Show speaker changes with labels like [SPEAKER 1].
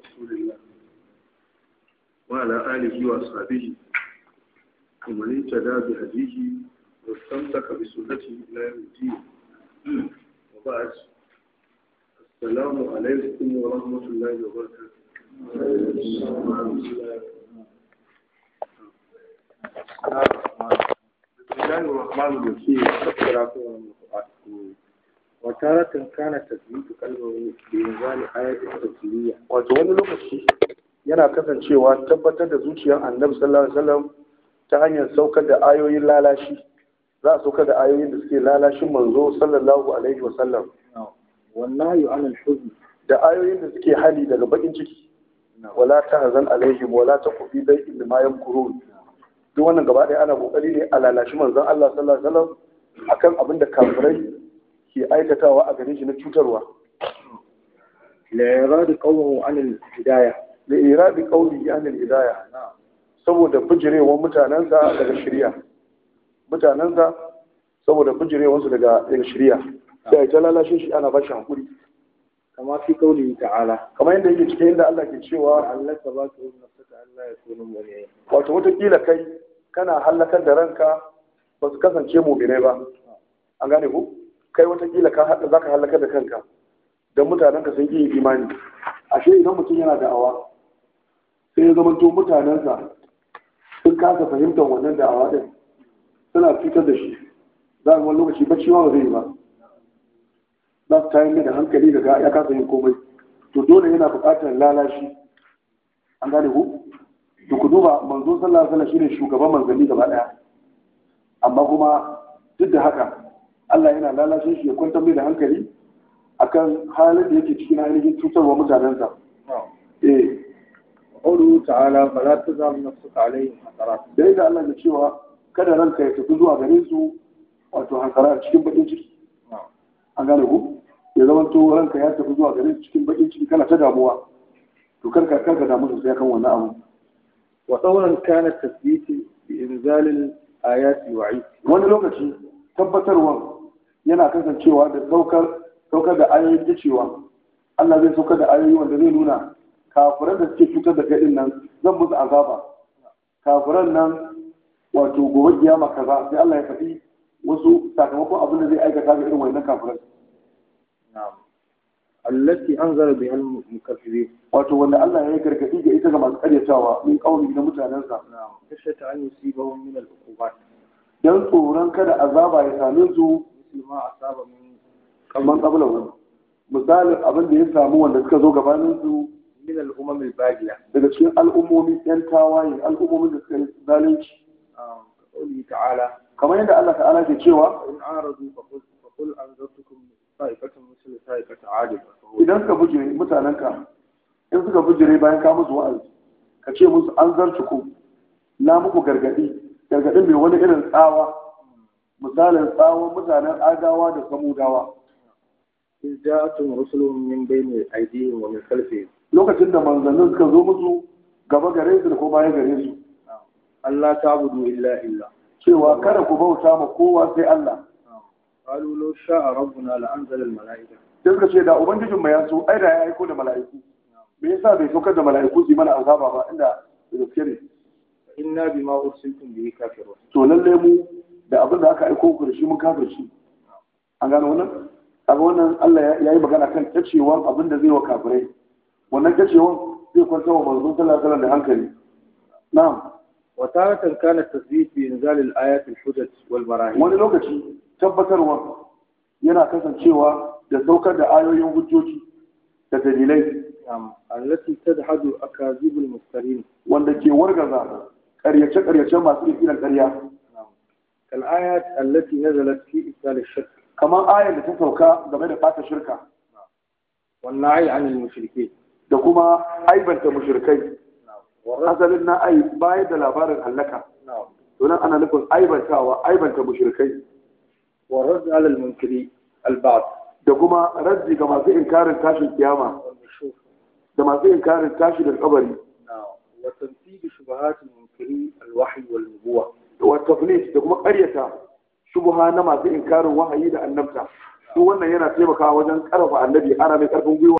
[SPEAKER 1] رسول الله وعلى آله وأصحابه ومن اهتدى بهديه واستمسك بسنته إلى يوم الدين وبعد السلام عليكم ورحمة الله وبركاته بسم الله الرحمن الرحيم وتارة كان تثبيت قلبه بإنزال آية تسلية وتوان لوكاشي yana kasancewa tabbatar da zuciyar annabi sallallahu alaihi wasallam ta hanyar saukar da ayoyin lalashi za a da ayoyin da suke lalashin manzo sallallahu alaihi wasallam wallahi da ayoyin da suke hali daga bakin ciki wala tahzan alaihim wala taqfi bai in ma duk wannan gaba ɗaya ana kokari ne a lalashi manzon Allah sallallahu alaihi wasallam akan abin da kafirai aikatawa a gare shi na cutarwa la iradi qawluhu an al-hidayah iradi qawli an saboda bijirewar mutanensa daga shirya mutanensa saboda bijirewarsu daga yin shirya da ta lalashe shi ana bashi hankuri kama fi kauli ta'ala kamar yadda yake cikin yadda Allah ke cewa Allah ta ba ka ta Allah ya tsoron mu'minin wato wata kila kai kana halakar da ranka ba su kasance mu'minai ba an gane ku kai watakila ka hada za ka halaka da kanka don mutanenka sun yi imani ashe idan mutum yana da'awa sai ya zamanto mutanensa sun kasa fahimtar wannan da'awa din suna fitar da shi za a lokaci bacci ma ba zai ba za su tayar da hankali daga ya kasa yin komai to dole yana buƙatar lalashi an gane ku to ku duba manzo sallallahu alaihi wasallam shine shugaban manzanni gaba ɗaya amma kuma duk da haka Allah yana lalace shi ya kwantar mai da hankali akan halin da yake cikin ainihin cutarwa mutanensa eh Oru ta'ala fala tazal nafsuka alayhim hasarat dai da Allah ya cewa kada ranka ya tafi zuwa gare su wato hasara cikin bakin ciki an gane ku ya zama to ranka ya tafi zuwa gare su cikin bakin ciki kana ta damuwa to kar ka damu sosai kan wannan abu wa tsawon kana tasbiti bi inzalil ayati wa'i wani lokaci tabbatarwa yana kasancewa da saukar da ayoyin da cewa Allah zai saukar da ayoyi wanda zai nuna kafiran da suke cutar da gaɗin nan zan musu azaba kafiran nan wato gobe kiyama kaza sai Allah ya faɗi wasu sakamakon abin da zai aikata ga irin wannan kafiran allati anzara biha al wato wanda Allah ya gargadi ga ita ga masu karyatawa min kauli na mutanen sa kashe ta an yusibahum min al-uqubat dan tsoron kada azaba ya same su Mutum ma a saba mun kamar qabla wa misalin abin da ya samu wanda suka zo gabanin su min al-umam al daga cikin al'ummomi yan tawaye al'ummomin da suka yi zalunci ta'ala kamar yadda Allah ta'ala ke cewa in aradu fa qul fa qul anzartukum sa'ikatan mislu sa'ikati 'ad idan ka bujire mutananka in suka bujire bayan ka musu wa'azi ka ce musu an zarci na muku gargadi gargadin mai wani irin tsawa misalin tsawon mutanen adawa da samudawa in ja'atun rusulun min bayni aydihim wa min khalfihim lokacin da manzannin suka zo musu gaba gare su da ko baya gare su Allah ta budu illa illa cewa kada ku bauta ma kowa sai Allah qalu law sha'a rabbuna la anzala al mala'ika sai suka ce da ubangijin mu ya ai da ya aiko da mala'iku me yasa bai saukar da mala'iku su yi mana azaba ba inda gaske ne inna bima ursiltum bihi kafirun to lallai mu da abin da aka aiko ku da shi mun kafirci an gano wannan kaga wannan Allah ya yi magana kan tacewan abin da zai wa kafirai wannan tacewan zai kwanta wa manzon sallallahu alaihi da hankali na'am wa taratan kana tasbih bi inzal al ayat al hujaj wal barahin wani lokaci tabbatarwa yana kasancewa da saukar da ayoyin hujjoji
[SPEAKER 2] da dalilai
[SPEAKER 1] allati tadhadu akazibul mustarin wanda ke wargaza ƙaryace-ƙaryace masu ƙirƙirar ƙarya الآيات التي نزلت في إبطال الشرك كما آية التي تتوقع بغير قاتل الشركة والنعي عن المشركين دقوما أي بنت مشركين نزل نعم. لنا أي بايد الأبار الهلكة نعم. هنا أنا نقول أي بنت أو أي بنت مشركين ورد على المنكري البعض دقوما رد كما في إنكار الكاش القيامة كما في إنكار الكاش للعبري نعم. وتنفيذ شبهات المنكري الوحي والنبوة والتفليس دقوما karyata shubuha na masu inkarin wahayi da annabta duk wannan yana taimakawa wajen karfafa annabi ana mai karfin gwiwa